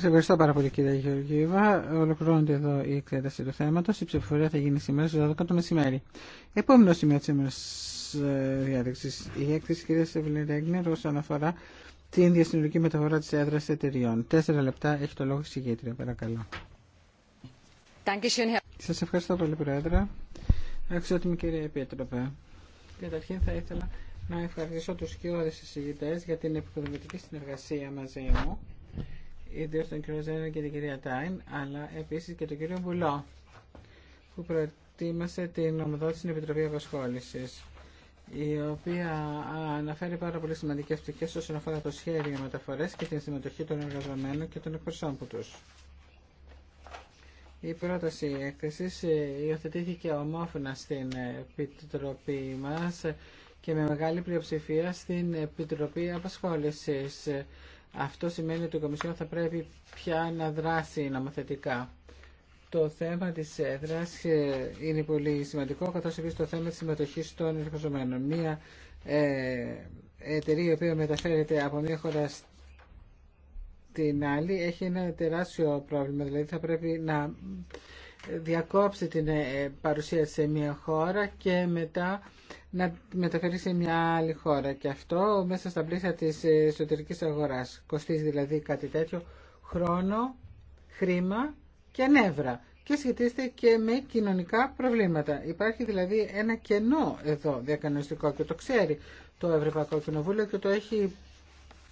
Σα ευχαριστώ πάρα πολύ κύριε Γεωργίβα. Ολοκληρώνεται εδώ η εκθέταση του θέματο. Η ψηφοφορία θα γίνει σήμερα στι 12 το μεσημέρι. Επόμενο σημείο τη σήμερας ε, διάδεξη. Η έκθεση κυρίας Ρέγκνερ όσον αφορά την διασυνολική μεταφορά τη έδρα εταιριών. Τέσσερα λεπτά έχει το λόγο η συγκέντρια. Παρακαλώ. Σα ευχαριστώ πολύ Πρόεδρε. Αξιότιμη κυρία Επίτροπε. Καταρχήν θα ήθελα να ευχαριστήσω του κοιόδε συζητητέ για την επικοδομητική συνεργασία μαζί μου ιδίω τον κύριο Ζένα και την κυρία Τάιν, αλλά επίση και τον κύριο Βουλό που προετοίμασε την ομοδότηση στην Επιτροπή Απασχόληση, η οποία αναφέρει πάρα πολύ σημαντικέ πτυχές όσον αφορά το σχέδιο μεταφορέ και την συμμετοχή των εργαζομένων και των εκπροσώπων του. Η πρόταση έκθεση υιοθετήθηκε ομόφωνα στην Επιτροπή μας και με μεγάλη πλειοψηφία στην Επιτροπή Απασχόλησης. Αυτό σημαίνει ότι η Κομισιόν θα πρέπει πια να δράσει νομοθετικά. Το θέμα της έδρας ε, είναι πολύ σημαντικό, καθώς επίσης το θέμα της συμμετοχής των εργαζομένων. Μία ε, εταιρεία η οποία μεταφέρεται από μία χώρα στην άλλη έχει ένα τεράστιο πρόβλημα, δηλαδή θα πρέπει να διακόψει την ε, παρουσία σε μια χώρα και μετά να μεταφέρει σε μια άλλη χώρα. Και αυτό μέσα στα πλαίσια της εσωτερικής αγοράς. Κοστίζει δηλαδή κάτι τέτοιο χρόνο, χρήμα και νεύρα. Και σχετίζεται και με κοινωνικά προβλήματα. Υπάρχει δηλαδή ένα κενό εδώ διακανονιστικό και το ξέρει το Ευρωπαϊκό Κοινοβούλιο και το έχει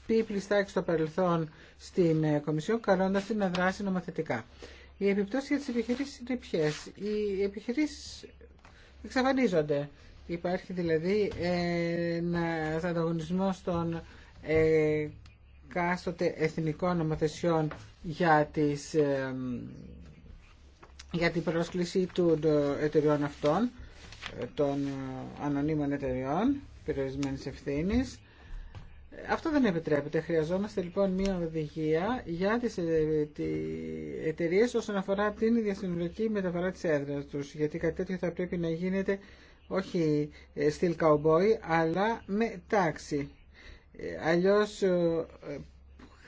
πει πλειστάξει στο παρελθόν στην ε, Κομισιόν, καλώντας την να νομοθετικά. Οι επιπτώσει για τι επιχειρήσει είναι ποιε. Οι επιχειρήσει εξαφανίζονται. Υπάρχει δηλαδή ένα ανταγωνισμό των ε, κάστοτε εθνικών νομοθεσιών για, ε, για την πρόσκληση των εταιριών αυτών, ε, των ανωνύμων εταιριών περιορισμένης ευθύνης αυτό δεν επιτρέπεται. Χρειαζόμαστε λοιπόν μια οδηγία για τι ε, εταιρείε όσον αφορά την διασυνολική μεταφορά της έδρας τους. Γιατί κάτι τέτοιο θα πρέπει να γίνεται όχι ε, στυλ καουμπόι αλλά με τάξη. Ε, Αλλιώ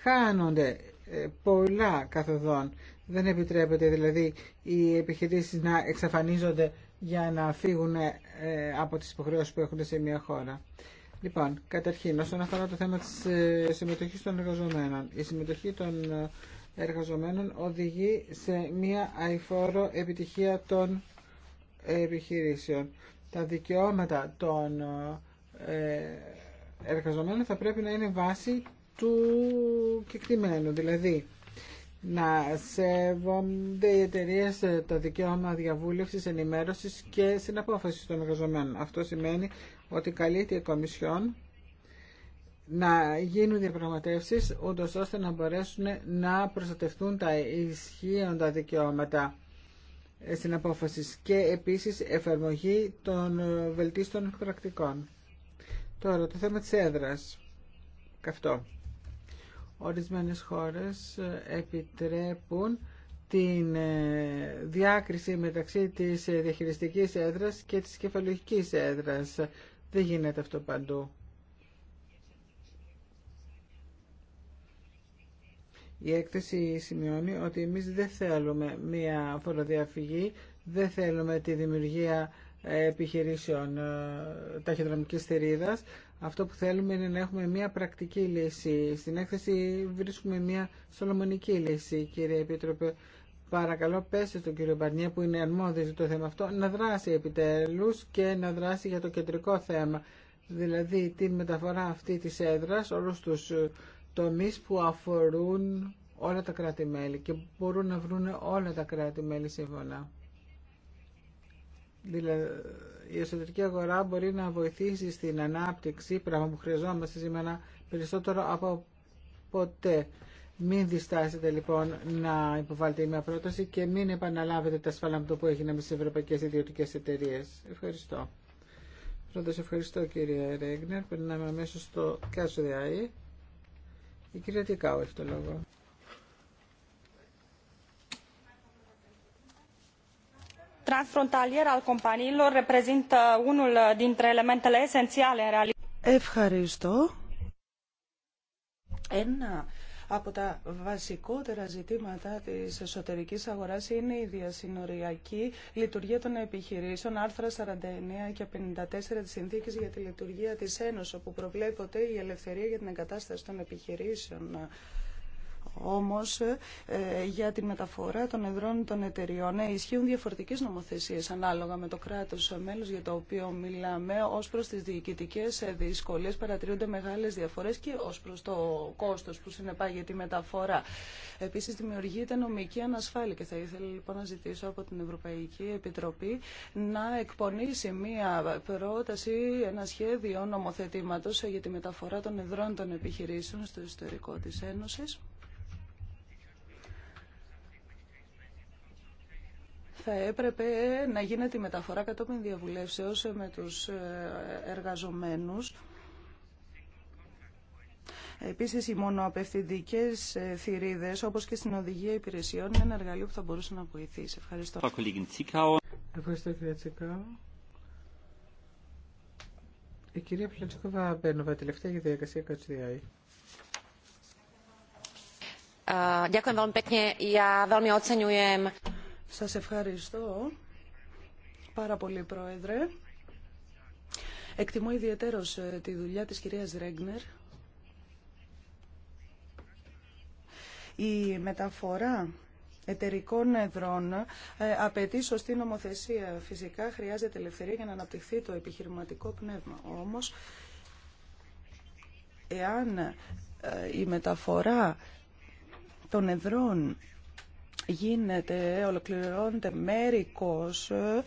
χάνονται πολλά καθοδόν. Δεν επιτρέπεται δηλαδή οι επιχειρήσει να εξαφανίζονται για να φύγουν από τις υποχρεώσεις που έχουν σε μια χώρα. Λοιπόν, καταρχήν, όσον αφορά το θέμα της ε, συμμετοχής των εργαζομένων. Η συμμετοχή των ε, εργαζομένων οδηγεί σε μία αηφόρο επιτυχία των ε, επιχειρήσεων. Τα δικαιώματα των εργαζομένων θα πρέπει να είναι βάση του κεκτημένου, δηλαδή να σέβονται οι εταιρείε ε, το δικαίωμα διαβούλευση, ενημέρωσης και συναπόφασης των εργαζομένων. Αυτό σημαίνει ότι καλείται η Κομισιόν να γίνουν διαπραγματεύσεις ούτως ώστε να μπορέσουν να προστατευτούν τα ισχύοντα δικαιώματα ε, στην απόφαση και επίσης εφαρμογή των ε, βελτίστων πρακτικών. Τώρα το θέμα της έδρας. Καυτό. Ορισμένες χώρες επιτρέπουν την ε, διάκριση μεταξύ της διαχειριστικής έδρας και της κεφαλογικής έδρας. Δεν γίνεται αυτό παντού. Η έκθεση σημειώνει ότι εμείς δεν θέλουμε μία φοροδιαφυγή, δεν θέλουμε τη δημιουργία επιχειρήσεων ε, ταχυδρομικής θηρίδας. Αυτό που θέλουμε είναι να έχουμε μια πρακτική λύση. Στην έκθεση βρίσκουμε μια σολομονική λύση, κύριε Επίτροπε. Παρακαλώ πέστε στον κύριο Μπαρνιέ που είναι αρμόδιος το θέμα αυτό να δράσει επιτέλους και να δράσει για το κεντρικό θέμα. Δηλαδή την μεταφορά αυτή της έδρας όλους τους ε, τομείς που αφορούν όλα τα κράτη-μέλη και μπορούν να βρουν όλα τα κράτη-μέλη σύμφωνα. Δηλαδή, η εσωτερική αγορά μπορεί να βοηθήσει στην ανάπτυξη, πράγμα που χρειαζόμαστε σήμερα περισσότερο από ποτέ. Μην διστάσετε λοιπόν να υποβάλλετε μια πρόταση και μην επαναλάβετε τα σφάλματα που έγιναμε με τι ευρωπαϊκέ ιδιωτικέ εταιρείε. Ευχαριστώ. Πρώτα ευχαριστώ κύριε Ρέγνερ. Περνάμε αμέσω στο ΚΑΣΟΔΙΑΗ. Η κυρία Τικάου έχει το λόγο. transfrontalier al companiilor reprezintă Ευχαριστώ. Ένα από τα βασικότερα ζητήματα της εσωτερικής αγοράς είναι η διασυνοριακή λειτουργία των επιχειρήσεων, άρθρα 49 και 54 της Συνθήκης για τη Λειτουργία της Ένωση, όπου προβλέπονται η ελευθερία για την εγκατάσταση των επιχειρήσεων. Όμως ε, για τη μεταφορά των εδρών των εταιριών ε, ισχύουν διαφορετικές νομοθεσίες ανάλογα με το κράτος μέλος για το οποίο μιλάμε ως προς τις διοικητικές ε, δυσκολίες παρατηρούνται μεγάλες διαφορές και ως προς το κόστος που συνεπάγεται τη μεταφορά. Επίσης δημιουργείται νομική ανασφάλεια και θα ήθελα λοιπόν να ζητήσω από την Ευρωπαϊκή Επιτροπή να εκπονήσει μία πρόταση, ένα σχέδιο νομοθετήματος για τη μεταφορά των εδρών των επιχειρήσεων στο ιστορικό της Ένωσης. θα έπρεπε να γίνεται η μεταφορά κατόπιν διαβουλεύσεως με τους ε, εργαζομένους. Επίσης, οι μονοαπευθυντικές ε, θηρίδες, όπως και στην οδηγία υπηρεσιών, είναι ένα εργαλείο που θα μπορούσε να βοηθήσει. Ευχαριστώ. Ευχαριστώ, κυρία Τσικάου. Η κυρία Πλατσικόβα Μπένοβα, τελευταία για διαδικασία Κατσουδιάη. Ε, σας ευχαριστώ πάρα πολύ, Πρόεδρε. Εκτιμώ ιδιαίτερος ε, τη δουλειά της κυρίας Ρέγνερ. Η μεταφορά εταιρικών εδρών ε, απαιτεί σωστή νομοθεσία. Φυσικά χρειάζεται ελευθερία για να αναπτυχθεί το επιχειρηματικό πνεύμα. Όμως, εάν ε, η μεταφορά των εδρών γίνεται, ολοκληρώνεται μέρικος ε,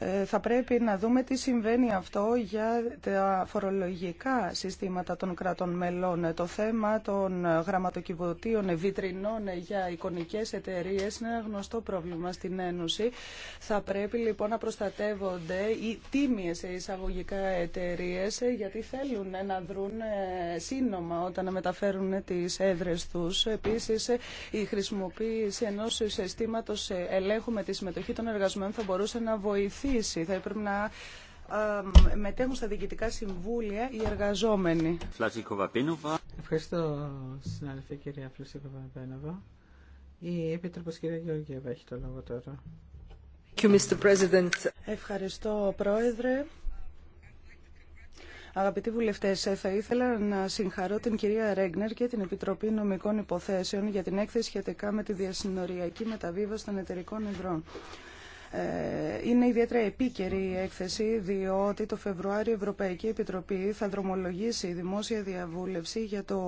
ε, θα πρέπει να δούμε τι συμβαίνει αυτό για τα φορολογικά συστήματα των κρατών μελών. Το θέμα των γραμματοκιβωτίων βιτρινών για εικονικές εταιρείες είναι ένα γνωστό πρόβλημα στην Ένωση. Θα πρέπει λοιπόν να προστατεύονται οι τίμιες εισαγωγικά εταιρείες γιατί θέλουν να δρουν ε, σύνομα όταν μεταφέρουν τις έδρες τους. Επίσης η χρησιμοποίηση ενός συστήματος ελέγχου με τη συμμετοχή των εργαζομένων θα μπορούσε να βοηθήσει θα έπρεπε να μετέχουν στα διοικητικά συμβούλια οι εργαζόμενοι. Ευχαριστώ, συνάδελφε κυρία Φλωσίκοβα Μπένοβα. Η Επίτροπος κυρία Γεωργίευα έχει το λόγο τώρα. Ευχαριστώ, Πρόεδρε. Αγαπητοί βουλευτέ, θα ήθελα να συγχαρώ την κυρία Ρέγνερ και την Επιτροπή Νομικών Υποθέσεων για την έκθεση σχετικά με τη διασυνοριακή μεταβίβαση των εταιρικών ευρών. Ε, είναι ιδιαίτερα επίκαιρη η έκθεση, διότι το Φεβρουάριο η Ευρωπαϊκή Επιτροπή θα δρομολογήσει η δημόσια διαβούλευση για το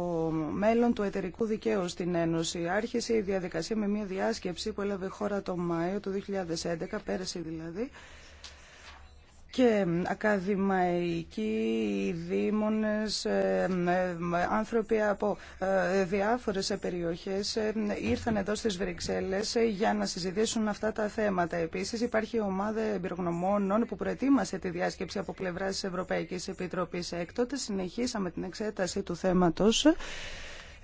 μέλλον του εταιρικού δικαίου στην Ένωση. Άρχισε η διαδικασία με μια διάσκεψη που έλαβε χώρα το Μάιο του 2011, πέρυσι δηλαδή, και ακαδημαϊκοί, δήμονες, ε, ε, άνθρωποι από ε, διάφορες περιοχές ήρθαν εδώ στις Βρυξέλλες για να συζητήσουν αυτά τα θέματα. Επίσης υπάρχει ομάδα εμπειρογνωμόνων που προετοίμασε τη διάσκεψη από πλευράς της Ευρωπαϊκής Επιτροπής. Έκτοτε συνεχίσαμε την εξέταση του θέματος.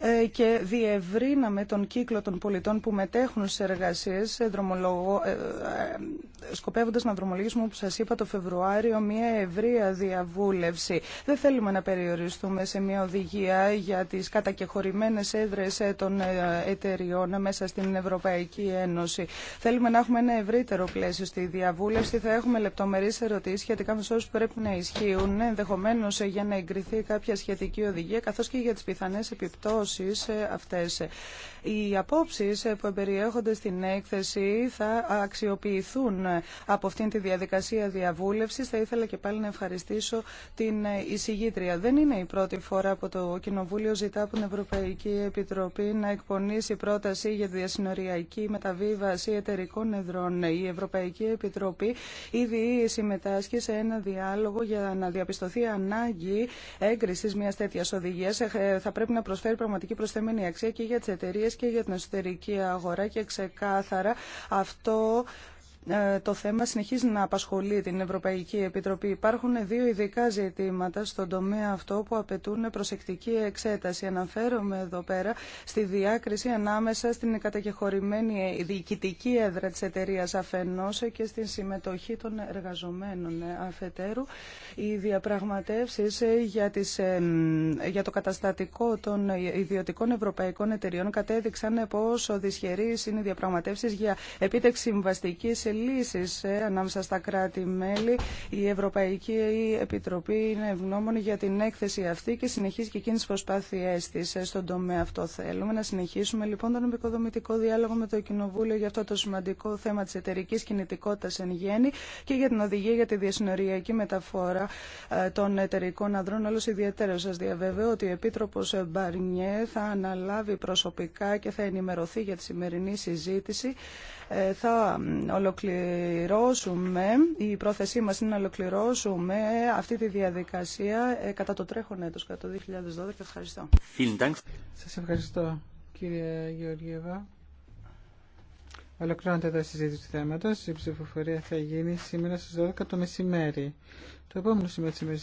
Ε, και διευρύναμε τον κύκλο των πολιτών που μετέχουν σε εργασίες ε, ε, σκοπεύοντας να δρομολογήσουμε όπως σας είπα το Φεβρουάριο μια ευρεία διαβούλευση. Δεν θέλουμε να περιοριστούμε σε μια οδηγία για τις κατακεχωρημένες έδρες των εταιριών μέσα στην Ευρωπαϊκή Ένωση. Θέλουμε να έχουμε ένα ευρύτερο πλαίσιο στη διαβούλευση. Θα έχουμε λεπτομερείς ερωτήσεις σχετικά με όσους πρέπει να ισχύουν ενδεχομένω για να εγκριθεί κάποια σχετική οδηγία καθώς και για τις πιθανές επιπτώσεις ε, αυτές. Οι απόψεις ε, που περιέχονται στην έκθεση θα αξιοποιηθούν ε, από αυτήν τη διαδικασία διαβούλευσης. Θα ήθελα και πάλι να ευχαριστήσω την εισηγήτρια. Δεν είναι η πρώτη φορά που το Κοινοβούλιο ζητά από την Ευρωπαϊκή Επιτροπή να εκπονήσει πρόταση για διασυνοριακή μεταβίβαση εταιρικών εδρών. Η Ευρωπαϊκή Επιτροπή ήδη συμμετάσχει σε ένα διάλογο για να διαπιστωθεί ανάγκη έγκρισης μιας τέτοιας οδηγίας. Θα πρέπει να προσφέρει πραγματικά πραγματική προσθεμένη αξία και για τι εταιρείε και για την εσωτερική αγορά και ξεκάθαρα αυτό ε, το θέμα συνεχίζει να απασχολεί την Ευρωπαϊκή Επιτροπή. Υπάρχουν δύο ειδικά ζητήματα στον τομέα αυτό που απαιτούν προσεκτική εξέταση. Αναφέρομαι εδώ πέρα στη διάκριση ανάμεσα στην κατακεχωρημένη διοικητική έδρα της εταιρεία αφενός και στην συμμετοχή των εργαζομένων αφετέρου. Οι διαπραγματεύσεις για, για το καταστατικό των ιδιωτικών ευρωπαϊκών εταιριών κατέδειξαν πόσο δυσχερεί είναι οι διαπραγματεύσεις για επίτευξη συμβαστική ε, ανάμεσα στα κράτη-μέλη. Η Ευρωπαϊκή Επιτροπή είναι ευγνώμων για την έκθεση αυτή και συνεχίζει και εκείνη τι προσπάθειε τη ε, στον τομέα αυτό. Θέλουμε να συνεχίσουμε λοιπόν τον επικοδομητικό διάλογο με το Κοινοβούλιο για αυτό το σημαντικό θέμα τη εταιρική κινητικότητα εν γέννη και για την οδηγία για τη διασυνοριακή μεταφορά ε, των εταιρικών αδρών. Όλο ιδιαίτερα σα διαβεβαιώ ότι ο Επίτροπος Μπαρνιέ θα αναλάβει προσωπικά και θα ενημερωθεί για τη σημερινή συζήτηση ε, θα ολοκληρώσουμε, η πρόθεσή μας είναι να ολοκληρώσουμε αυτή τη διαδικασία ε, κατά το τρέχον έτος, κατά το 2012. Ευχαριστώ. Σας ευχαριστώ κύριε Γεωργίευα. Ολοκληρώνεται εδώ η συζήτηση του θέματο. Η ψηφοφορία θα γίνει σήμερα στι 12 το μεσημέρι. Το επόμενο σημείο τη ημέρα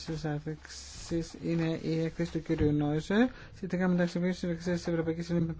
τη είναι η έκθεση του κύριου Νόιζερ σχετικά με τα αξιοποίηση τη Ευρωπαϊκή Ένωση